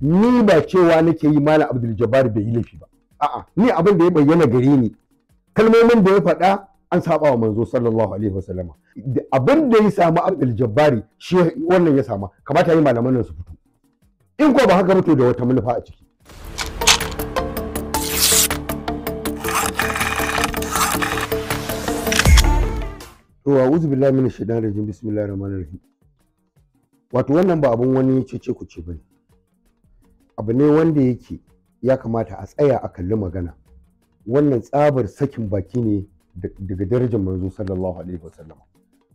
ni ba cewa nake yi malam abdul jabbar bai yi laifi ba a'a ni abin da ya bayyana gare ni kalmomin da ya faɗa an saba wa manzo sallallahu alaihi wasallama abin da ya samu abdul jabbar shi wannan ya sama kamata yi malaman nan su fito in ko ba haka mutu da wata manufa a ciki to a'udhu billahi minash shaitanir rajim bismillahir rahmanir rahim wato wannan ba abun wani cece ku ce bane abu ne wanda yake ya kamata a tsaya a kalli magana wannan tsabar sakin baki ne daga darajar manzo sallallahu alaihi wasallam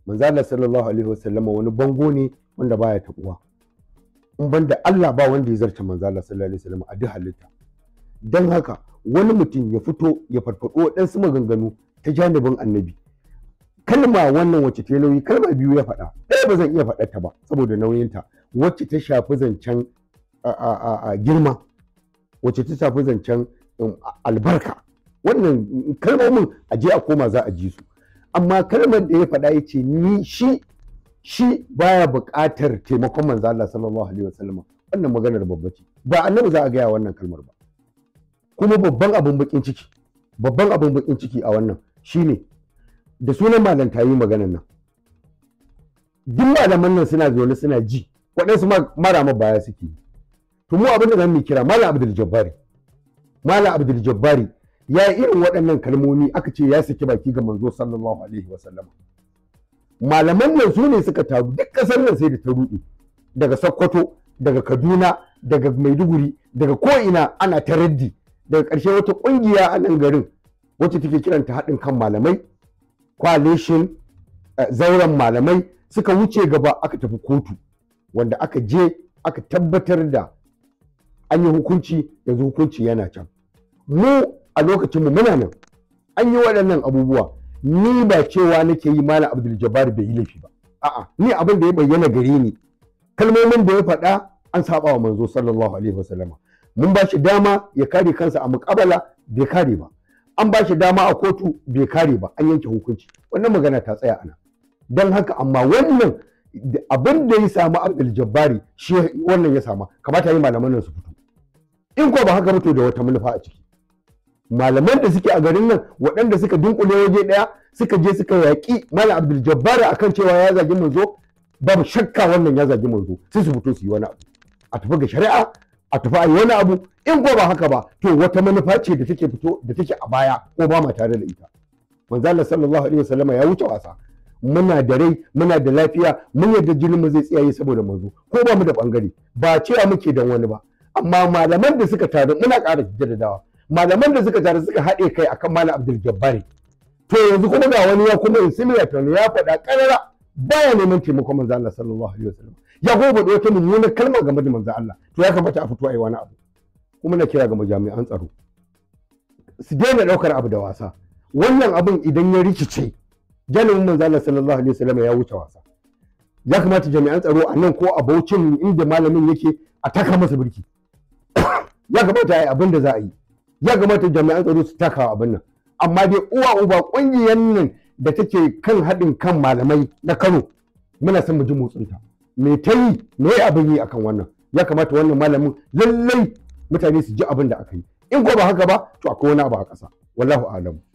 manzo Allah sallallahu alaihi wasallam wani bango ne wanda baya tabuwa in banda Allah ba wanda ya zarce manzo Allah sallallahu alaihi wasallam a duk halitta dan haka wani mutum ya fito ya farfado su maganganu ta janibin annabi kalma wannan wacce ta nauyi kalma biyu ya faɗa ɗaya ba zan iya faɗa ta ba saboda nauyinta wacce ta shafi zancen girma wacce ta shafi zancen um, albarka wannan kalmomin a je a koma za a ji su amma kalmar da ya faɗa ya ce ni shi shi baya buƙatar taimakon manzo Allah sallallahu alaihi wasallam wannan maganar babba ce ba annabi za a gaya wannan kalmar ba kuma babban abin bakin ciki babban abin bakin ciki a wannan shine da sunan Malam yi maganar nan duk malaman nan suna zaune suna ji waɗansu mara ma baya suke yi to mu abin da zan mu kira malam abdul jabbari malam abdul jabbari ya yi irin waɗannan kalmomi aka ce ya saki baki ga manzo sallallahu alaihi sallam malaman yanzu ne suka taru duk ƙasar nan sai da ta ruɗe daga sokoto daga kaduna daga maiduguri daga ko ina ana ta raddi daga ƙarshe wata ƙungiya a nan garin wacce take kiranta haɗin kan malamai coalition eh, zauren malamai suka wuce gaba aka tafi kotu wanda aka je aka tabbatar da an yi hukunci yanzu hukunci yana can mu a lokacinmu muna nan an yi waɗannan abubuwa ni ba cewa nake yi mana abdul jabbar bai yi laifi ba a'a ni abin da ya bayyana gare ni kalmomin da ya faɗa an saba wa manzo sallallahu alaihi wasallama mun ba shi dama ya kare kansa a muƙabala bai kare ba an ba shi dama a kotu bai kare ba an yanke hukunci wannan magana ta tsaya ana don haka amma wannan abin da ya samu abdul jabbari shi wannan ya samu kamata yi malaman nan su fito in ko ba haka mutu da wata manufa a ciki malaman da suke a garin nan waɗanda suka dunkule waje ɗaya suka je suka yaƙi malam abdul jabbar akan cewa ya zagi manzo babu shakka wannan ya zagi manzo sai su fito su yi wani abu a tafi ga shari'a a tafi a yi wani abu in ko ba haka ba to wata manufa ce da take fito da take a baya ko ba ma tare da ita manzo Allah sallallahu alaihi wasallam ya wuce wasa muna da rai muna da lafiya mun yadda jinin mu zai tsiyaye saboda manzo ko ba mu da bangare ba cewa muke dan wani ba amma malaman da suka taru muna ƙara jaddadawa malaman da suka taru suka haɗe kai akan malam abdul jabbari to yanzu kuma ga wani ya kuma insimila tano ya faɗa ƙarara baya neman taimakon manzo Allah sallallahu alaihi wasallam ya gobe da wata mummunar kalma game da manzo Allah to ya kamata a fito a yi wani abu kuma na kira ga majami'an tsaro su daina ɗaukar abu da wasa wannan abin idan ya rikice janin manzo Allah sallallahu alaihi wasallam ya wuce wasa ya kamata jami'an tsaro a nan ko a baucin inda malamin yake a taka masa birki ya kamata a yi abin da za a yi ya kamata jami'an tsaro su taka abin nan amma dai uwa uba kungiyar nan da take kan haɗin kan malamai na Kano muna son mu ji motsinta me ta yi me abin yi akan wannan ya kamata wannan malamin lallai mutane su ji abin da aka yi in ko ba haka ba to akwai wani abu a ƙasa wallahu a'lamu